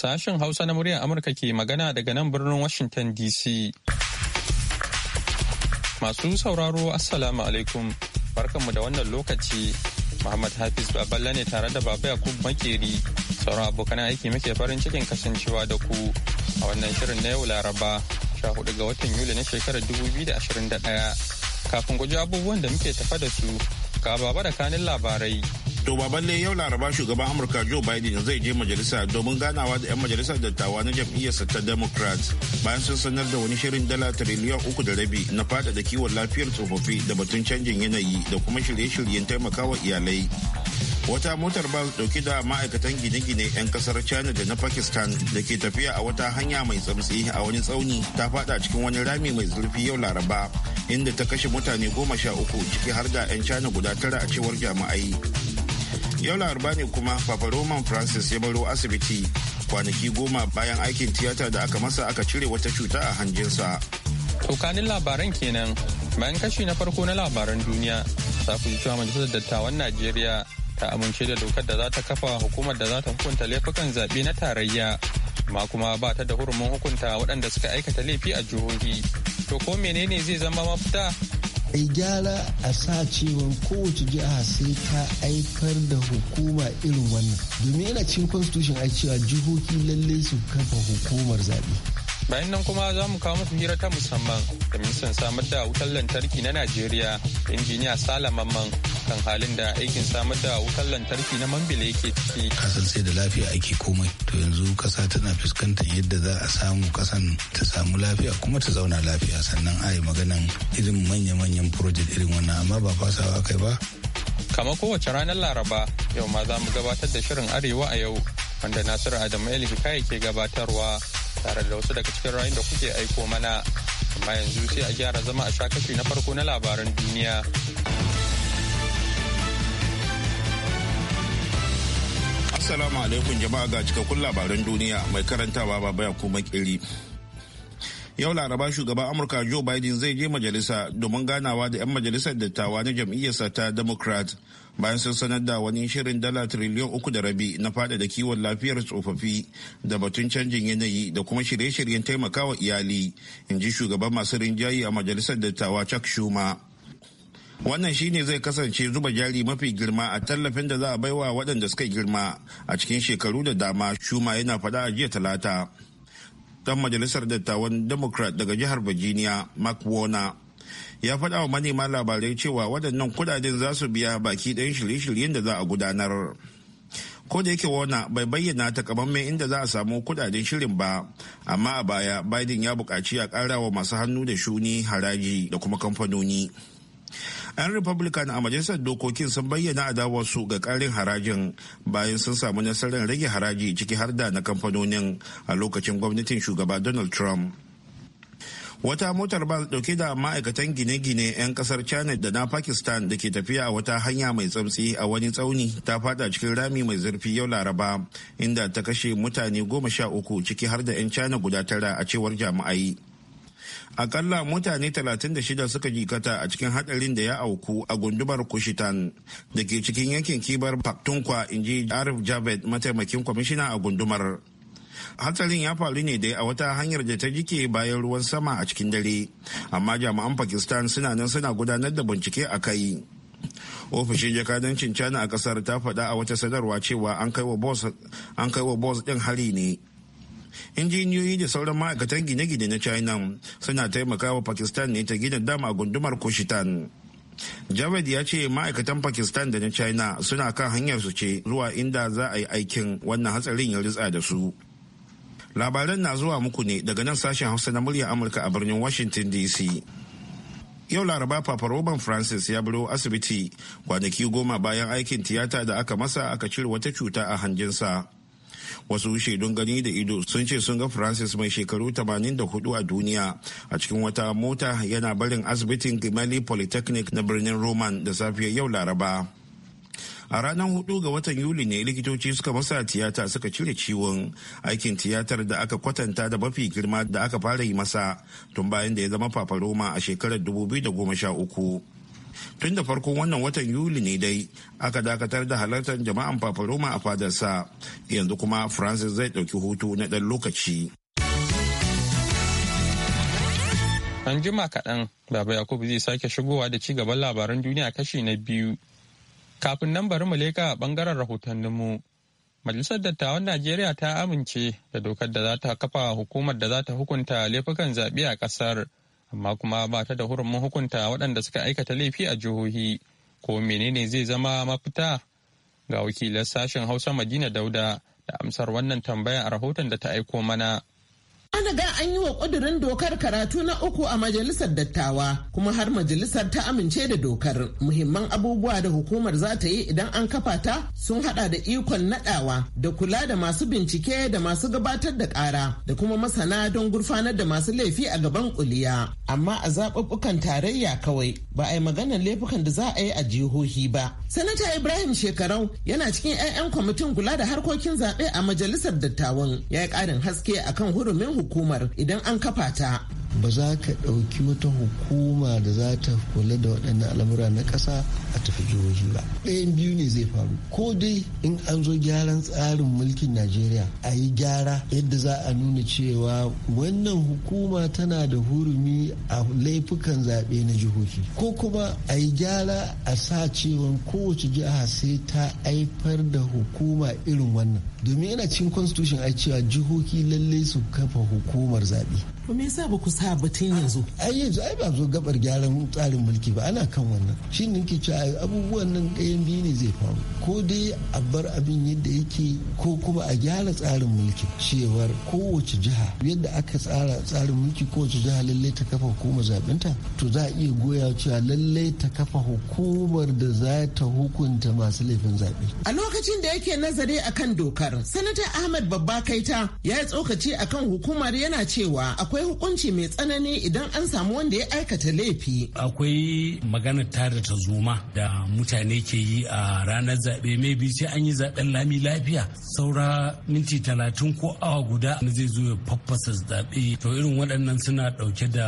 Sashen Hausa na muryar Amurka ke magana daga nan birnin Washington DC. Masu sauraro Assalamu alaikum. Barkanmu da wannan lokaci. Muhammad Hafiz Baballa ne tare da Baba Yakub Makeri. Sauran abokan aiki muke farin cikin kasancewa da ku a wannan shirin na yau Laraba 14 ga watan Yuli na shekarar 2021. Kafin guji abubuwan da muke tafa da su, ga baba da kanin labarai. To ba balle yau laraba shugaban Amurka Joe Biden zai je majalisa domin ganawa da 'yan majalisar dattawa na jam'iyyarsa ta Democrat bayan sun sanar da wani shirin dala triliyan uku da rabi na fada da kiwon lafiyar tsofaffi da batun canjin yanayi da kuma shirye-shiryen taimakawa iyalai. Wata motar bas dauke da ma'aikatan gine-gine 'yan kasar China da na Pakistan da ke tafiya a wata hanya mai tsamtsi a wani tsauni ta fada cikin wani rami mai zurfi yau Laraba inda ta kashe mutane goma sha uku ciki har da 'yan China guda tara a cewar jami'ai. yau laraba ne kuma papa roman francis ya baro asibiti kwanaki goma bayan aikin tiyata da aka masa aka cire wata cuta a hanjinsa tokanin labaran kenan bayan kashi na farko na labaran duniya za ku cewa majalisar dattawan najeriya ta amince da dokar da za ta kafa hukumar da za ta hukunta laifukan zaɓe na tarayya ma kuma ba ta da hurumin hukunta waɗanda suka aikata laifi a jihohi to ko menene zai zama mafita a gyara a sa cewa kowace jiha sai ta aikar da hukuma irin wannan domin yana cikin constitution a cewa jihohi lallai su kafa hukumar zaɓe bayan nan kuma za mu kawo muku hira ta musamman da ministan samar da wutar lantarki na najeriya injiniya salamanman kan halin da aikin samar da wutar lantarki na mambila yake ciki kasan sai da lafiya ake komai to yanzu kasa tana fuskantar yadda za a samu kasan ta samu lafiya kuma ta zauna lafiya sannan a yi maganan irin manya-manyan project irin wannan amma ba fasawa kai ba kamar kowace ranar laraba yau ma za mu gabatar da shirin arewa a yau wanda nasiru adamu elifika ke gabatarwa tare da wasu daga cikin rayun da kuke aiko mana amma yanzu sai a gyara zama a shakashi na farko na labaran duniya Assalamu alaikum jama'a ga cikakkun labaran duniya mai karantawa baba ya kuma kiri. yau laraba shugaban amurka joe biden zai je majalisa domin ganawa da 'yan majalisar dattawa na jam'iyyarsa ta democrat bayan sun sanar da wani shirin dala triliyan uku da rabi na da kiwon lafiyar tsofaffi da batun canjin yanayi da kuma shirye-shiryen taimakawa iyali in ji shugaban masu rinjayi a majalisar dattawa chuck shuma. wannan shine zai kasance zuba jari mafi girma a tallafin da za a baiwa waɗanda suka girma a cikin shekaru da dama shuma yana fada a jiya talata dan majalisar dattawan democrat daga jihar virginia mark warner ya faɗa wa manema labarai cewa waɗannan kudaden za su biya baki ɗayan shirye-shiryen da za a gudanar ko da yake wona bai bayyana takamaiman inda za a samu kudaden shirin ba amma a baya biden ya buƙaci a ƙara wa masu hannu da shuni haraji da kuma kamfanoni. 'yan republican a majalisar dokokin sun bayyana adawarsu ga karin harajin bayan sun samu nasarar rage haraji ciki har da na kamfanonin a lokacin gwamnatin shugaba donald trump wata motar bas dauke da ma'aikatan gine-gine 'yan kasar china da na pakistan da ke tafiya a wata hanya mai tsamtsi a wani tsauni ta fada cikin rami mai zurfi yau laraba inda ta kashe mutane goma sha uku ciki har da 'yan china guda tara a cewar jama'ai. akalla mutane 36 suka jikata a cikin hadarin da ya auku a gundumar kushitan da ke cikin yankin kibar paktunkwa ji arif javed mataimakin kwamishina a gundumar hatsarin ya faru ne dai a wata hanyar da ta jike bayan ruwan sama a cikin dare amma jami'an pakistan suna nan suna gudanar da bincike a kai ofishin jakadancin china a kasar ta faɗa a wata sanarwa cewa an kai wa boss ɗin hari ne injiniyoyi da sauran ma'aikatan gine-gine na china suna taimakawa pakistan ne ta gina dam a gundumar kushitan javed ya ce ma'aikatan pakistan da na china suna kan hanyar su ce zuwa inda za a yi aikin wannan hatsarin ya ritsa da su labaran na zuwa muku ne daga nan sashen hausa na murya amurka a birnin washington dc yau laraba papa roban francis ya biro asibiti kwanaki goma bayan aikin tiyata da aka masa aka cire wata cuta a hanjinsa wasu shaidun gani da ido sun ce sun ga francis mai shekaru 84 a duniya a cikin wata mota yana barin asibitin gimali polytechnic na birnin roman da safiyar yau laraba a ranar hudu ga watan yuli ne likitoci suka masa tiyata suka cire ciwon aikin tiyatar da aka kwatanta da mafi girma da aka fara yi masa tun bayan da ya zama roma a shekarar 2013 tun da farkon wannan watan yuli ne dai aka dakatar da halartar jama'an paparoma a fadarsa yanzu kuma francis zai ɗauki hutu na ɗan lokaci an jima kaɗan baba yakubu zai sake shigowa da ci gaban labaran duniya kashi na biyu kafin nan bari mu leka a ɓangaren rahotanninmu Majalisar Dattawan Najeriya ta amince da dokar da za ta kafa hukumar da za ta hukunta laifukan zaɓe a ƙasar amma kuma ba ta da hurumin hukunta waɗanda suka aikata laifi a jihohi ko menene zai zama mafita ga wakilar sashen hausa madina dauda da amsar wannan tambaya a rahoton da ta aiko mana An ga an yi wa ƙudurin dokar karatu na uku a majalisar dattawa kuma har majalisar ta amince da dokar. Muhimman abubuwa da hukumar za ta yi idan an kafa ta sun hada da ikon nadawa da kula da masu bincike da masu gabatar da ƙara da kuma masana don gurfanar da masu laifi a gaban kuliya. Amma a zaɓuɓɓukan tarayya kawai ba a yi maganar laifukan da za a yi a jihohi ba. Sanata Ibrahim Shekarau yana cikin 'ya'yan kwamitin kula da harkokin zaɓe a majalisar dattawan ya yi ƙarin haske akan hurumin hukumar idan an kafa ta ba za ka ɗauki wata hukuma da za ta kula da waɗannan al'amura na ƙasa a tafi jihohi ba ɗayan biyu ne zai faru ko dai in an zo gyaran tsarin mulkin najeriya a yi gyara yadda za a nuna cewa wannan hukuma tana da hurumi a laifukan zaɓe na jihohi ko kuma a yi gyara a sa cewa kowace jiha sai ta haifar da hukuma irin wannan domin yana cikin constitution a cewa jihohi lallai su kafa hukumar zaɓe to me yasa ba ku sa batun yanzu ai yanzu ai ba zo gabar gyaran tsarin mulki ba ana kan wannan shi ne ke cewa abubuwan nan ɗayan biyu ne zai faru ko dai a bar abin yadda yake ko kuma a gyara tsarin mulki cewar kowace jiha yadda aka tsara tsarin mulki kowace jiha lallai ta kafa hukumar zaɓenta to za a iya goya cewa lallai ta kafa hukumar da za ta hukunta masu laifin zaɓe. A lokacin da yake nazari akan dokar, Sanata Ahmad Babba Kaita ya yi tsokaci akan hukumar yana cewa akwai akwai hukunci mai tsanani idan an samu wanda ya aikata laifi. Akwai maganar tada ta zuma da mutane ke yi a ranar zaɓe mai bi sai an yi zaɓen lami lafiya saura minti talatin ko awa guda zai zo ya faffasa zaɓe to irin waɗannan suna ɗauke da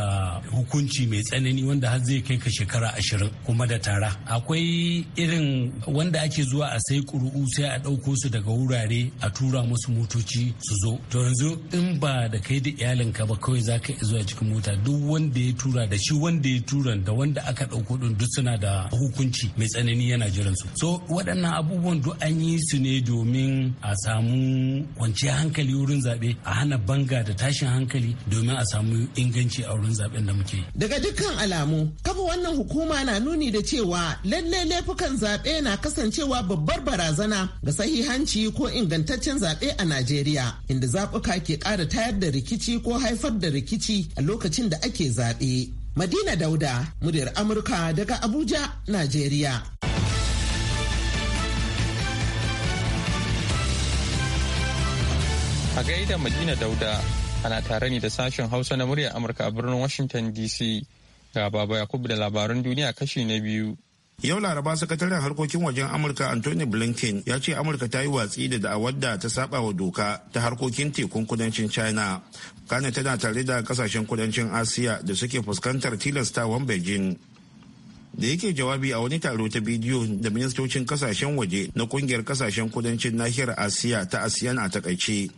hukunci mai tsanani wanda har zai kai ka shekara ashirin kuma da tara. Akwai irin wanda ake zuwa a sai ƙuru'u sai a ɗauko su daga wurare a tura musu motoci su zo. To yanzu in ba da kai da iyalinka ba kawai kawai za ka zuwa cikin mota duk wanda ya tura da shi wanda ya tura da wanda aka ɗauko ɗin duk suna da hukunci mai tsanani yana jiran su so waɗannan abubuwan duk an yi su ne domin a samu kwanciyar hankali wurin zaɓe a hana banga da tashin hankali domin a samu inganci a wurin zaɓen da muke daga dukkan alamu kafa wannan hukuma na nuni da cewa lalle laifukan zaɓe na kasancewa babbar barazana ga sahihanci ko ingantaccen zaɓe a najeriya inda zaɓuka ke kara tayar da rikici ko haifar da rikici a lokacin da ake zaɓe. Madina Dauda, muryar Amurka daga Abuja, Najeriya. A gaida Madina Dauda, ana tare ne da sashen Hausa na muryar Amurka a birnin Washington DC. Ga Baba Yakubu da labaran duniya kashi na biyu. Yau Laraba sakataren harkokin wajen Amurka Anthony Blinken ya ce Amurka ta yi watsi da da'awar da ta saba wa doka ta harkokin tekun kudancin China. Kana tana tare da kasashen kudancin Asiya da suke fuskantar tilastawan Beijing. Da yake jawabi a wani taro ta bidiyo da ministocin kasashen waje na kungiyar kasashen kudancin nahiyar Asiya ta asiyana a takaice.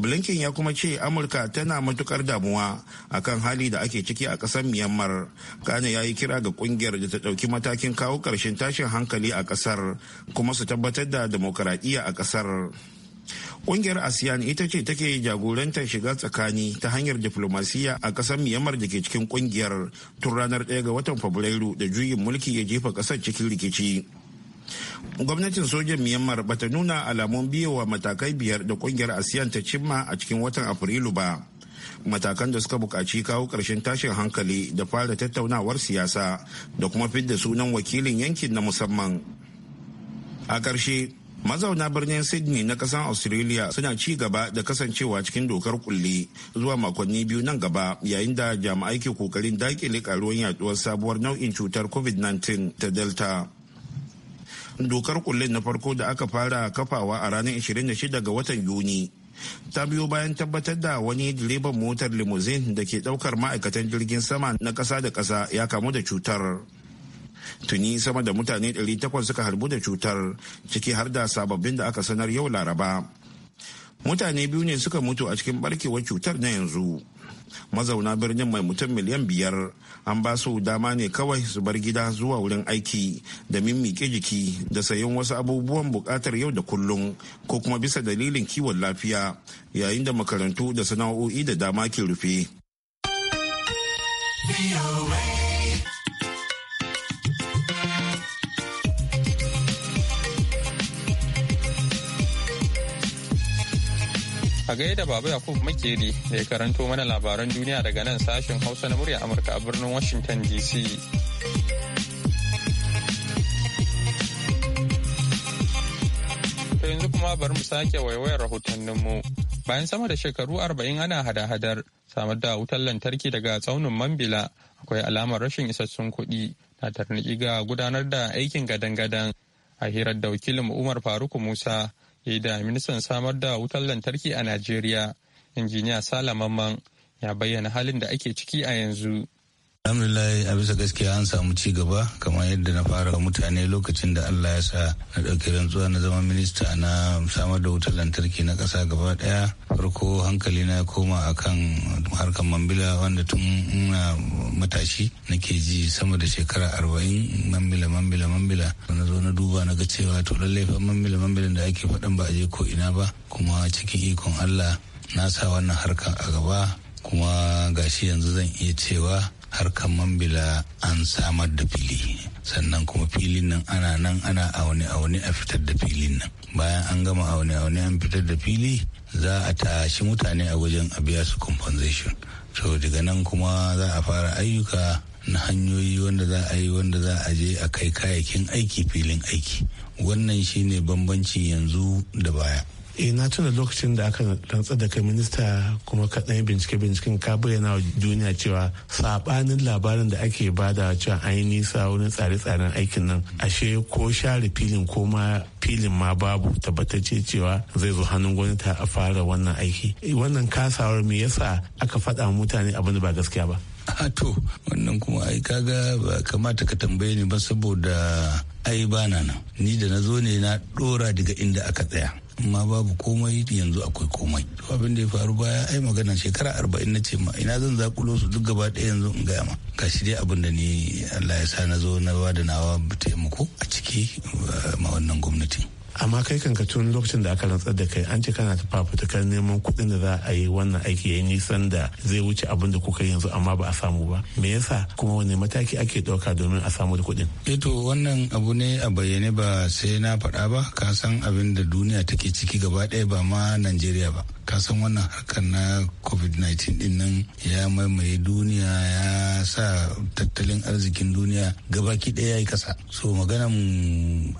blinken ya kuma ce amurka tana matukar damuwa akan hali da ake ciki a ƙasar myanmar kane ya yi kira ga kungiyar da ta ɗauki matakin kawo ƙarshen tashin hankali a ƙasar kuma su tabbatar da demokaradiyya a ƙasar Ƙungiyar ASEAN ita ce take jagorantar shiga tsakani ta hanyar diflomasiyya a ƙasar Myanmar da ke cikin ƙungiyar tun ranar 1 ga watan Fabrairu da juyin mulki ya jefa ƙasar cikin rikici. gwamnatin sojan myanmar bata nuna alamun biyowa matakai biyar da kungiyar asiyan ta cimma a cikin watan afrilu ba matakan da suka bukaci kawo ƙarshen tashin hankali da fara tattaunawar siyasa da kuma fidda sunan wakilin yankin na musamman a ƙarshe mazauna birnin sydney na ƙasar australia suna ci gaba da kasancewa cikin dokar kulle zuwa makonni biyu nan gaba yayin da jami'ai ke kokarin dakile karuwan yaduwar sabuwar nau'in cutar covid-19 ta delta dokar kullin na farko da aka fara kafawa a ranar 26 ga watan yuni ta biyo bayan tabbatar da wani direban motar limousine da ke daukar ma'aikatan jirgin sama na kasa da kasa ya kamu da cutar tuni sama da mutane 800 suka harbu da cutar ciki har da sababbin da aka sanar yau laraba mutane biyu ne suka mutu a cikin barkewar cutar na yanzu mazauna birnin mai mutum miliyan biyar an ba su dama ne kawai su bar gida zuwa wurin aiki da mimmiƙe jiki da sayan wasu abubuwan buƙatar yau da kullum ko kuma bisa dalilin kiwon lafiya yayin da makarantu da sana'o'i da dama ke rufe. A gaida Baba Yakub Makeri da ya karanto mana labaran duniya daga nan sashen Hausa na murya Amurka a birnin Washington DC. ta yanzu kuma bari mu sake waiwayar mu Bayan sama da shekaru arba'in ana hada-hadar samar da wutar lantarki daga tsaunin Mambila akwai alamar rashin isassun kuɗi na tarniki ga gudanar da aikin gadan-gadan a hirar da wakilin Umar Faruku Musa Eh, da ministan samar da wutar lantarki a najeriya injiniya salamamman ya bayyana halin da ake ciki a yanzu alhamdulillah a bisa gaskiya an samu ci gaba kamar yadda na fara mutane lokacin da allah ya sa na ɗauki rantsuwa na zama minista na samar da wutar lantarki na ƙasa gaba ɗaya farko hankali na koma a kan harkar mambila wanda tun na matashi nake ji sama da shekara arba'in mambila mambila mambila na zo na duba na ga cewa to lallai fa mambila mambila da ake faɗan ba a je ko ina ba kuma cikin ikon allah na sa wannan harkar a gaba kuma gashi yanzu zan iya cewa har harkar mambila an samar da fili sannan kuma filin nan ana nan ana aune aune a fitar da filin nan bayan an gama aune aune an fitar da fili za a tashi mutane a wajen a biya su compensation to daga nan kuma za a fara ayyuka na hanyoyi wanda za a yi wanda za a je a kai kayakin aiki filin aiki wannan shine bambanci yanzu da baya E na tuna lokacin da aka rantsar da kai minista kuma ka bincike binciken ka bayyana wa duniya cewa sabanin labarin da ake bada cewa an yi nisa wurin tsare-tsaren aikin nan ashe ko share filin ko ma filin ma babu tabbatacce cewa zai zo hannun gwamnati a fara wannan aiki eh, wannan kasawar me yasa aka faɗa mutane abin da ba gaskiya ba a ah, to wannan kuma ai kaga ba kamata ka tambaye ni ba saboda ai bana nan ni da na zo ne na ɗora daga inda aka tsaya amma babu komai yanzu akwai komai to abin da ya faru baya ai magana shekara arba'in na ce ma ina zan zakulo su duk gaba ɗaya yanzu in gaya ma gashi dai abin da ni Allah ya sa na zo na ba da nawa taimako a ciki eh, ma wannan gwamnatin amma kai kanka tun lokacin da aka rantsar da kai an ce kana ta fafutukar neman kuɗin da za a yi wannan aiki ya nisan da zai wuce abin da kuka yanzu amma ba a samu ba me yasa kuma wani mataki ake ɗauka domin a samu da kuɗin. eto eh wannan abu ne a bayyane ba sai na faɗa ba ka san abin da duniya take ciki gaba ɗaya ba ma najeriya ba ka san wannan harkar na covid-19 din nan ya maimaye duniya ya sa tattalin arzikin duniya gabaki ɗaya ya yi kasa so maganan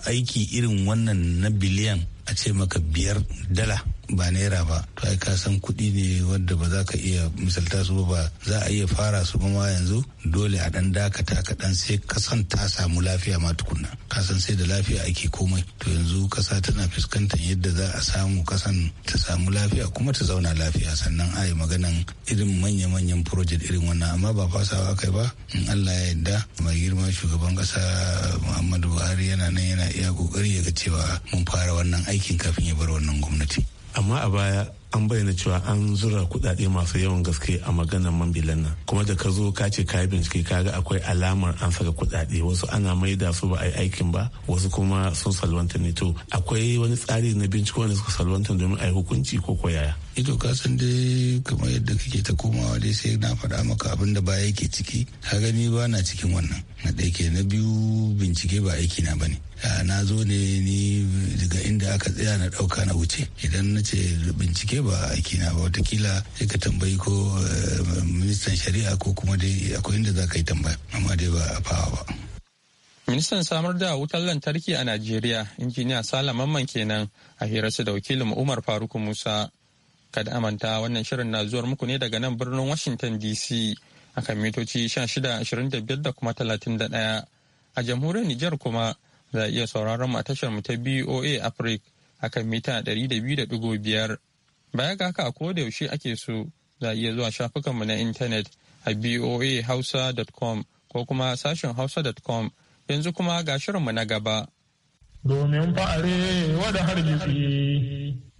aiki irin wannan na biliyan a ce maka biyar dala ba naira ba to ai ka san kuɗi ne wanda ba za ka iya misalta su ba za a iya fara su ba ma yanzu dole a dan dakata kaɗan sai san ta samu lafiya ma tukunna san sai da lafiya ake komai to yanzu kasa tana fuskantar yadda za a samu kasan ta samu lafiya kuma ta zauna lafiya sannan a yi maganan irin manya-manyan project irin wannan amma ba fasawa kai ba in Allah ya yarda mai girma shugaban kasa Muhammadu Buhari yana nan yana iya kokari ya ga cewa mun fara wannan aikin kafin ya bar wannan gwamnati. amma a baya an bayyana cewa an zura kudade masu yawan gaske a maganar man nan kuma da ka zo ka ce ka yi bincike ka ga akwai alamar an saka kudade wasu ana maida su ba a yi aikin ba wasu kuma sun salwanta ne to akwai wani tsari na bincike wanda suka salwanta domin a yi hukunci ko koyaya ito eh ka san dai kamar yadda kake ta komawa dai sai na faɗa maka abin da ba yake ciki ka gani ba na cikin wannan na ɗaya ke na biyu bincike ba aiki na bane na zo ne ni daga inda aka tsaya na ɗauka na wuce idan na ce bincike ba aiki na ba watakila sai ka tambayi ko eh, ministan shari'a ko kuma dai akwai inda za ka yi tambaya amma dai ba a fawa ba Ministan samar da wutar lantarki a Najeriya, injiniya salaman Mamman kenan a hirarsa da wakilin Umar Faruk Musa. Kada amanta wannan shirin na zuwar muku ne daga nan birnin Washington DC akan mitoci 1625 da kuma 31. A jamhuriyar Nijar kuma za a iya sauraron mu a tashar mu ta BOA Africa akan mita 200.5. Baya ga haka ko da yaushe ake so za a iya zuwa shafukanmu na intanet a boahausa.com ko kuma sashen hausa.com yanzu kuma ga mu na gaba. Domin fa'are wada hargitsi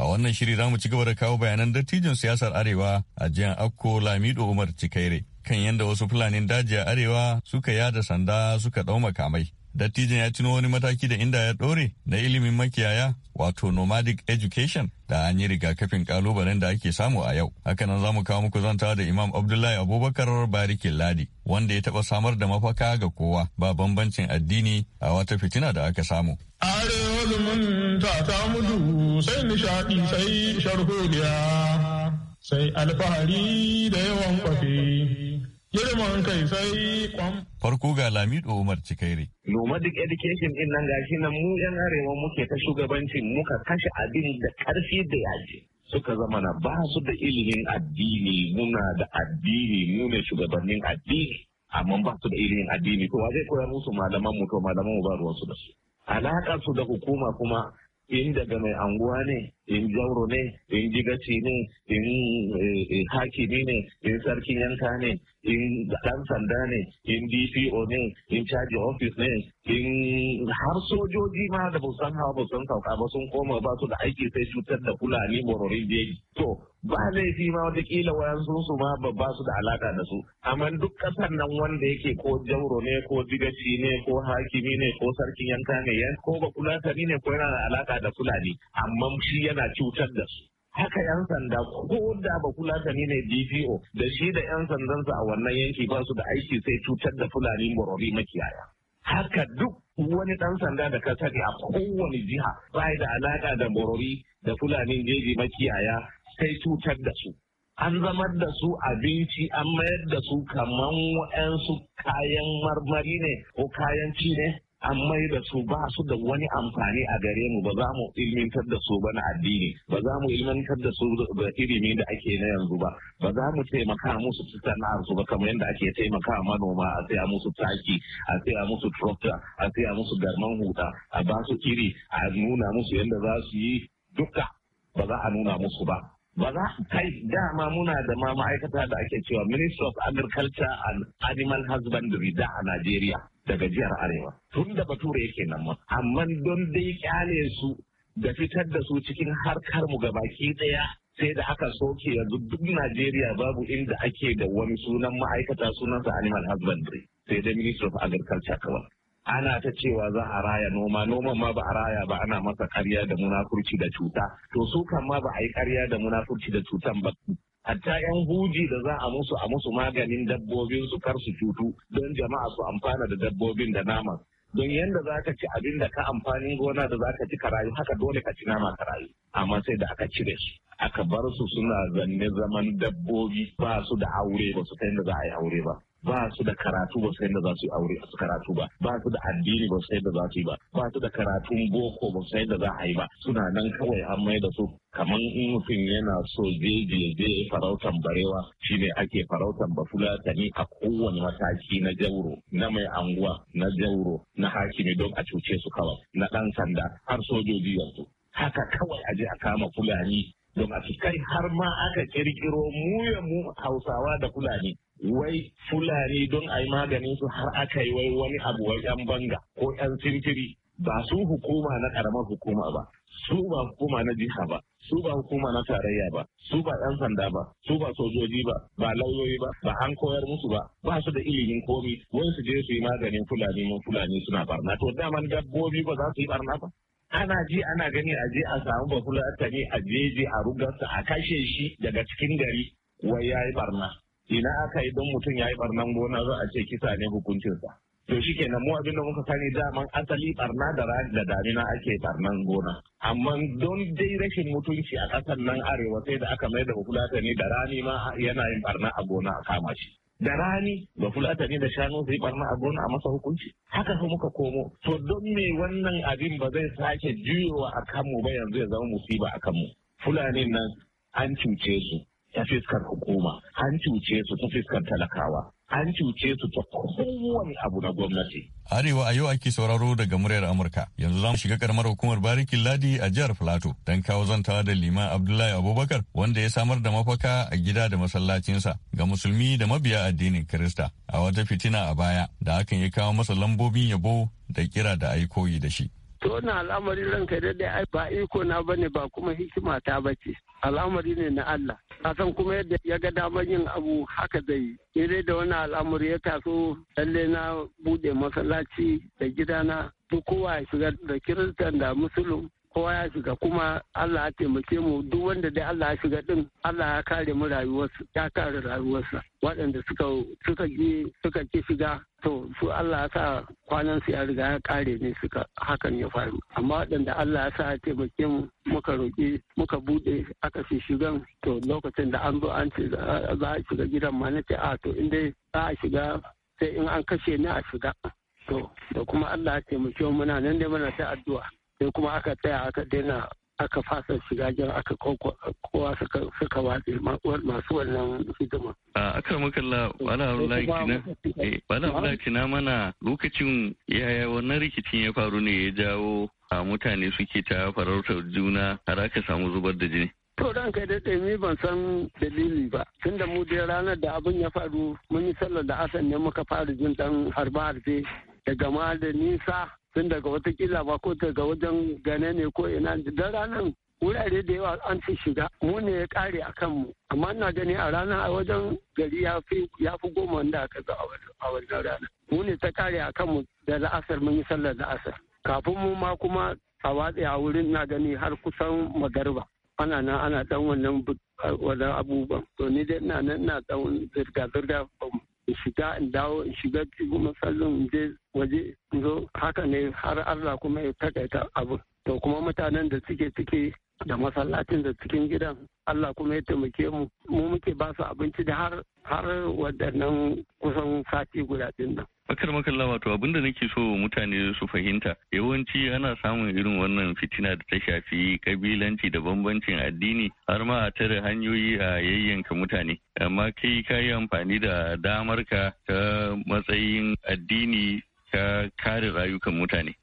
A wannan shiri za mu ci gaba da kawo bayanan dattijon siyasar Arewa a jihar Akko Lamido Umar Cikaire kan yadda wasu Fulanin daji a Arewa suka yada sanda suka ɗau makamai. Dattijon ya tuno wani mataki da inda ya dore na ilimin makiyaya wato nomadic education da an yi rigakafin kalubalen da ake samu a yau. Hakanan za mu kawo muku zanta da Imam Abdullahi Abubakar Barikin Ladi wanda ya taɓa samar da mafaka ga kowa ba bambancin addini a wata fitina da aka samu. Arewa ta mudu sai nishaɗi sai sharholiya sai alfahari da yawan kwafe girman kai sai kwam. Farko ga Lamido Umar Cikaire. Nomadic education din nan gashi nan mu yan arewa muke ta shugabancin muka kashe abin da karfi da yaji. Suka zama na ba su da ilimin addini muna da addini mu ne shugabannin addini. amma ba su da ilimin addini kowa zai koyar musu malaman mu to malaman mu ba ruwan su da su alakar su da hukuma kuma in daga mai anguwa ne in jauro ne in gigaci ne in eh, eh, hakimi ne in sarkin yanka ne in dan sanda ne in dpo ne in caji office ne in har sojoji ma da busan hawa busan sauka ba sun koma ba su da aiki sai cutar da fulani bororin jeji to ba laifi ma wata kila wayansu su ma ba su da alaka da su amma duk kasar nan wanda yake ko jauro ne ko jigaci ne ko hakimi ne ko sarkin yanka ne ko ba bakulatani ne ko yana da alaka da fulani amma shi yana yana cutar da su haka yan sanda ko da ba fulatani ne DPO da shi da yan sandansa a wannan yanki ba su da aiki sai cutar da fulani morori makiyaya haka duk wani ɗan sanda da ka sani a kowane jiha ba da alaƙa da morori da fulani jeji makiyaya sai cutar da su an zamar da su abinci an mayar da su kaman wa'yansu kayan marmari ne ko kayan ci ne an mai da su ba su da wani amfani a gare mu ba za mu ilmantar da su ba na addini ba za mu ilmantar da su da ilimi da ake na yanzu ba ba za mu taimaka musu sana'ar su ba kamar yadda ake taimaka manoma a saya musu taki a saya musu tractor a saya musu garman huta a ba su iri a nuna musu yadda za su yi duka ba za a nuna musu ba ba za kai dama muna da ma ma'aikata da ake cewa Ministry of Agriculture and Animal Husbandry da a Najeriya daga jihar Arewa tun da bature yake nan ma amma don dai kyale su da fitar da su cikin harkar mu gabaki daya sai da aka soke yanzu duk Najeriya babu inda ake da wani sunan ma'aikata sunansa Animal Husbandry sai dai Ministry of Agriculture kawai ana ta cewa za a raya noma noman ma ba a raya ba ana masa karya da munafurci da cuta to su kan ma ba a yi karya da munafurci da cutan ba hatta yan huji da za a musu a musu maganin dabbobin su kar su cutu don jama'a su amfana da dabbobin da nama. don yadda za ka ci abin da ka amfanin gona da za ka ci karayu haka dole ka ci nama karayu amma sai da aka cire su aka bar su suna zanne zaman dabbobi ba su da aure ba su kai yadda za a yi aure ba ba su da karatu ba su yadda za su yi aure su karatu ba ba su da addini ba su yadda za su yi ba ba su da karatun boko ba su yadda za a yi ba suna nan kawai an mai da su kamar in mutum yana so je je farautan barewa shine ake farautan bafulatani a kowane mataki na jauro na mai anguwa na jauro na hakimi don a cuce su kawai na ɗan sanda har sojoji yanzu haka kawai a je a kama fulani don a kai har ma aka kirkiro mu mu hausawa da fulani wai fulani don a yi maganin su har aka yi wai wani abu wai yan banga ko yan sintiri ba su hukuma na karamar hukuma ba su ba hukuma na jiha ba su ba hukuma na tarayya ba su ba yan sanda ba su ba sojoji ba ba lauyoyi ba ba an koyar musu ba ba su da ilimin komi wai su je su yi maganin fulani mun fulani suna barna to daman dabbobi ba za su yi barna ba ana ji ana gani a je a samu ba fulani a jeji a rugarsa a kashe shi daga cikin gari wai ya yi barna ina haka idan mutum ya yi barnan gona za a ce kisa ne hukuncinsa to shi ke mu abin da muka sani daman asali barna da da damina ake barnan gona amma don dai rashin mutunci a ƙasar nan arewa sai da aka mai da fulata da rani ma yana yin barna a gona a kama shi da rani ba fulata da shanu zai barna a gona a masa hukunci haka su muka komo to don me wannan abin ba zai sake juyowa a kanmu ba yanzu ya zama musiba a kanmu fulani nan an cuce su ta fiskar hukuma an cuce su ta fiskar talakawa an cuce su ta kowane abu na gwamnati. Arewa a yau ake sauraro daga muryar Amurka. Yanzu za mu shiga karamar hukumar Barikin Ladi a jihar Filato don kawo zantawa da Liman Abdullahi Abubakar wanda ya samar da mafaka a gida da masallacinsa ga musulmi da mabiya addinin Kirista a wata fitina a baya da hakan ya kawo masa lambobin yabo da kira da aikoyi da shi. To wannan al'amari ranka da ai ba iko na bane ba kuma hikima ta bace. Al'amari ne na Allah. kasan kuma yadda ya ga damar yin abu haka zai yi dai da wani al'amuri ya taso lalle na bude masallaci da gidana duk kowa ya shiga da kiristan da musulun kowa ya shiga kuma Allah ya taimake mu duk wanda dai Allah ya shiga din Allah ya kare mu rayuwarsa ya kare rayuwarsa waɗanda suka suka suka ki shiga to su Allah ya sa kwanan su ya riga ya kare ne suka hakan ya faru amma waɗanda Allah ya sa ya taimake mu muka roƙi muka buɗe aka fi shigan to lokacin da an zo an ce za a shiga gidan ma na ce a ah, to inda za a shiga sai in an kashe ni a shiga to da kuma Allah ya taimake mu muna nan dai muna ta addu'a sai kuma aka tsaya aka daina aka fasa shiga jan aka kowa suka watse masu wannan hidima. A aka makalla wala na eh, mana lokacin yaya wannan rikicin ya faru ne ya jawo a mutane suke ta farautar juna har aka samu zubar da jini. To ran kai daɗe ni ban san dalili ba. Tun da mu dai ranar da abin ya faru mun yi sallar da asan ne muka fara jin dan harba harbe daga ma da nisa tun daga watakila ba ko daga wajen gane ne ko ina da ranar wurare da yawa an fi shiga mu ne ya kare a kanmu amma na gani a ranar a wajen gari ya fi goma wanda aka ga a wajen rana mu ne ta kare a kanmu da la'asar mun yi sallar la'asar kafin mu ma kuma a watsi a wurin na gani har kusan magarba ana nan ana dan wannan abubuwan to ni dai ina nan ina dan zirga-zirga in shiga in dawo in shiga masallin in je waje in zo haka ne har Allah kuma ya takaita abu to kuma mutanen da suke ciki da masallacin da cikin gidan Allah kuma ya taimake mu mu muke ba su abinci da har har waɗannan kusan sati guda din nan akar makalla wato abinda nake so mutane su fahimta yawanci ana samun irin wannan fitina da ta shafi kabilanci da bambancin addini har ma a tare hanyoyi a yayyanka mutane amma kai ka yi amfani da damarka ta matsayin addini ka kare rayukan mutane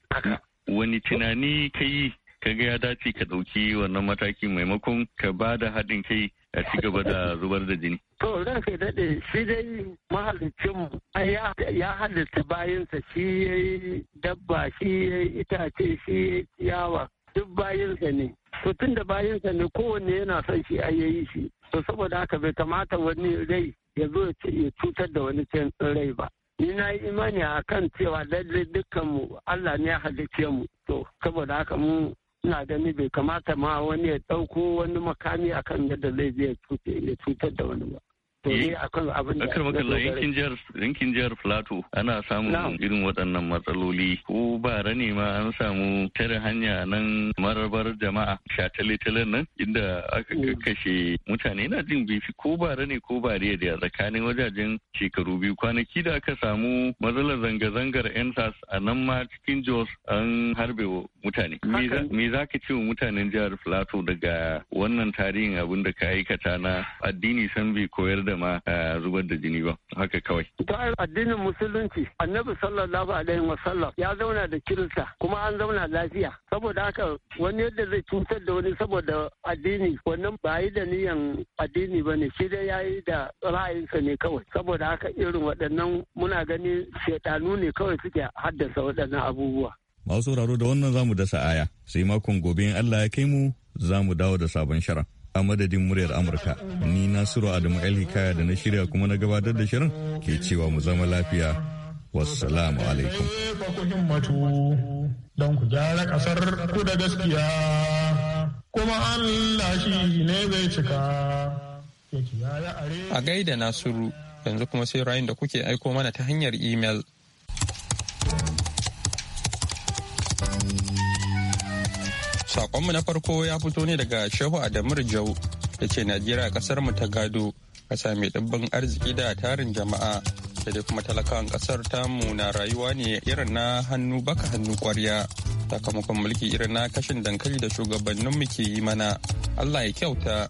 wani tunani ka yi ka ga ya dace ka ɗauki wannan mataki maimakon ka ba da haɗin kai a ci gaba da zubar da jini. To zan kai daɗe shi dai mahalicin ya halitta bayansa shi ya yi dabba shi ya yi itace shi ya yi ciyawa duk bayansa ne. To tun da bayansa ne kowanne yana son shi a yayi shi. To saboda haka bai kamata wani rai ya zo ya cutar da wani can rai ba. Ni na yi imani a kan cewa lallai dukkanmu Allah ne ya halicce mu. To saboda haka mu ina gani bai kamata ma wani ya ɗauko wani makami akan yadda zai je ya cutar da wani ba to eh, akan abin da yankin jihar yankin jihar Plateau ana samun irin waɗannan matsaloli ko ba ne ma an samu tare hanya nan marabar jama'a shatale-talen nan inda aka mm. kashe mutane na jin bifi ko ba ne ko ba bariya da tsakanin wajajen shekaru biyu kwanaki da aka samu matsalar zanga-zangar ensas a nan ma cikin jos an harbe mutane me za ka ce wa mutanen jihar Plateau daga wannan tarihin abin da ka aikata na addini san bai koyar da ma zubar da jini ba haka kawai. Ta addinin musulunci annabi sallallahu alaihi wasallam ya zauna da kirista kuma an zauna lafiya saboda haka wani yadda zai cutar da wani saboda addini wannan ba yi da niyan addini ba ne shi dai ya yi da ra'ayinsa ne kawai saboda haka irin waɗannan muna gani shaidanu ne kawai suke haddasa waɗannan abubuwa. Masu sauraro da wannan zamu dasa aya sai makon gobe in Allah ya kai mu zamu dawo da sabon shara. a madadin muryar Amurka. Ni Nasiru Adamu El Hikaya da na shirya kuma na gabatar da shirin ke cewa mu zama lafiya. Wassalamu alaikum. Don ku gyara kasar ku da gaskiya kuma Allah shi cika. A gaida Nasiru yanzu kuma sai rayu da kuke aiko mana ta hanyar imel. Sakonmu na farko ya fito ne daga Shehu Adamu Jau da ce Najeriya kasar mu ta gado, kasa mai dubban arziki da tarin jama'a da dai kuma talakan kasar tamu na rayuwa ne irin na hannu baka hannu kwarya. Sakamakon mulki irin na kashin dankali da shugabannin mu ke yi mana. Allah ya kyauta.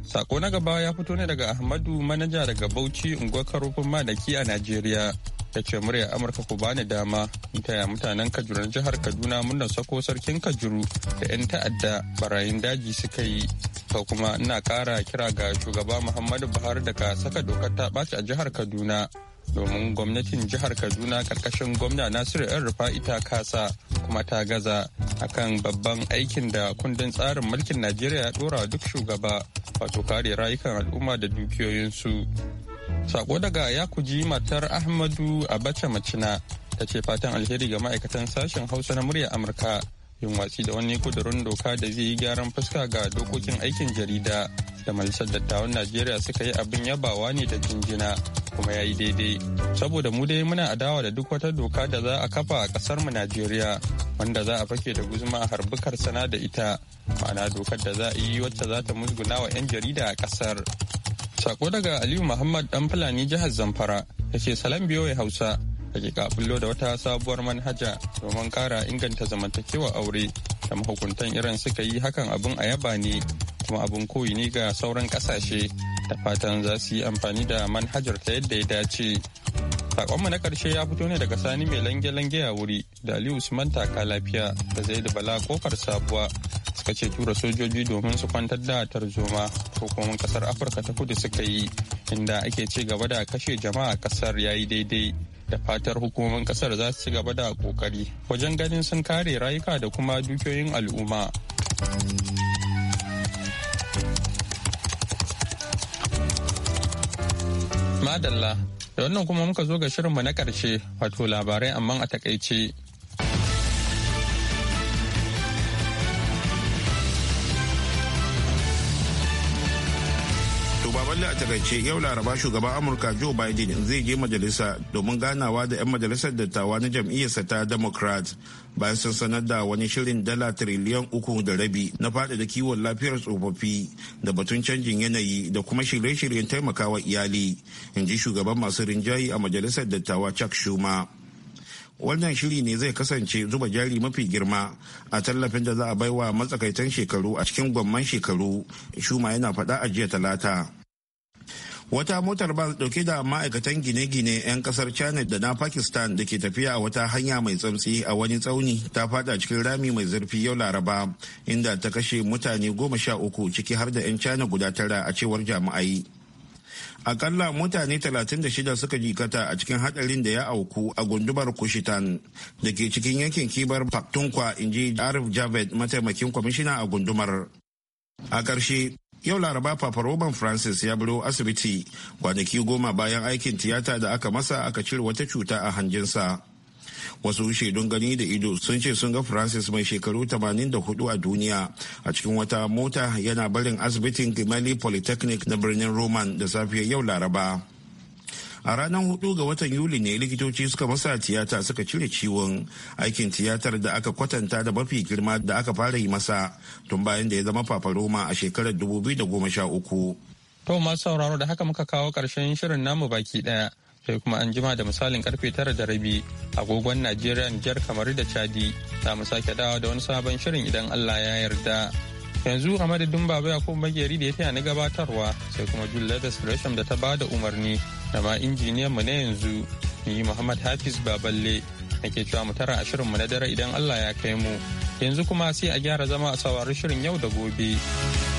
Sako na gaba ya fito ne daga Ahmadu Manaja daga Bauchi unguwar Karofin Madaki a Najeriya. ta ce muryar amurka ku bani dama in taya mutanen kajuran jihar kaduna murnar sako sarkin kajuru da 'yan ta'adda barayin daji suka yi to kuma ina kara kira ga shugaba muhammadu buhari daga saka dokar ta ɓaci a jihar kaduna domin gwamnatin jihar kaduna karkashin gwamna nasiru yan rufa ita kasa kuma ta gaza akan babban aikin da kundin tsarin mulkin najeriya ya dora duk shugaba wato kare rayukan al'umma da dukiyoyinsu Sako daga ya kuji matar Ahmadu Abacha Macina ta ce fatan alheri ga ma'aikatan sashen Hausa na murya Amurka yin watsi da wani kudurin doka da zai yi gyaran fuska ga dokokin aikin jarida da malisar dattawan Najeriya suka yi abin yabawa ne da jinjina kuma ya yi daidai saboda mu dai muna adawa da duk wata doka da za a kafa a kasar mu Najeriya wanda za a fake da guzma a harbukar sana da ita ma'ana dokar da za a yi wacce za ta musguna wa 'yan jarida a kasar Sako daga Aliyu Muhammad dan Fulani jihar Zamfara da ke salam ya Hausa ke kafullo da wata sabuwar manhaja domin ƙara inganta zamantakewa aure da mahukuntan irin suka yi hakan abin a yaba ne kuma abin koyi ne ga sauran ƙasashe da fatan za su yi amfani da manhajar ta yadda ya dace Saƙonmu na ƙarshe ya fito ne daga sani mai lange-lange a wuri da Aliyu usman taka lafiya da zai bala kofar sabuwa kace ce tura sojoji domin su kwantar da tarzoma hukumomin kasar afirka ta kudu suka yi inda ake ci gaba da kashe jama'a kasar yayi daidai da fatar hukumomin kasar za su ci gaba da kokari wajen ganin sun kare rayuka da kuma dukiyoyin al'umma madalla da wannan kuma muka zo ga shirinmu na ƙarshe wato labarai amma a takaice wanda a takaice yau laraba shugaban amurka joe biden zai je majalisa domin ganawa da 'yan majalisar dattawa na jam'iyyarsa ta democrat bayan sun sanar da wani shirin dala triliyan uku da rabi na da kiwon lafiyar tsofaffi da batun canjin yanayi da kuma shirye-shiryen taimakawa iyali in ji shugaban masu rinjayi a majalisar dattawa chuck schumer wannan shiri ne zai kasance zuba jari mafi girma a tallafin da za a baiwa matsakaitan shekaru a cikin gwamman shekaru shuma yana faɗa a jiya talata wata motar bas dauke da ma'aikatan gine-gine 'yan kasar china da na pakistan da ke tafiya a wata hanya mai tsamtsi a wani tsauni ta fada cikin rami mai zurfi yau laraba inda ta kashe mutane goma sha uku ciki har da 'yan china guda tara a cewar jami'ai akalla mutane 36 suka jikata a cikin hadarin da ya auku a gundumar kushitan da ke cikin yankin kibar paktunkwa ji arif javed mataimakin kwamishina a gundumar a ƙarshe yau laraba papa roman francis ya biro asibiti kwanaki goma bayan aikin tiyata da aka masa aka cire wata cuta a hanjinsa wasu shaidun gani da ido sun ce sun ga francis mai shekaru 84 a duniya a cikin wata mota yana barin asibitin kimali polytechnic na birnin roman da safiyar yau laraba a ranar hudu ga watan yuli ne likitoci suka masa tiyata suka cire ciwon aikin tiyatar da aka kwatanta da mafi girma da aka fara yi masa tun bayan da ya zama fafaroma a shekarar 2013 to masu sauraro da haka muka kawo karshen shirin namu baki daya sai kuma an jima da misalin karfe tara da rabi agogon najeriya nijar kamar da chadi za mu sake dawa da wani sabon shirin idan allah ya yarda yanzu a madadin baba ya kuma makeri da ya taya na gabatarwa sai kuma da gresham da ta bada umarni da ma injiniyan mu na yanzu ni muhammad hafiz baballe nake cewa mu tara shirin mu na dare idan allah ya kai mu yanzu kuma sai a gyara zama a saurari shirin yau da gobe.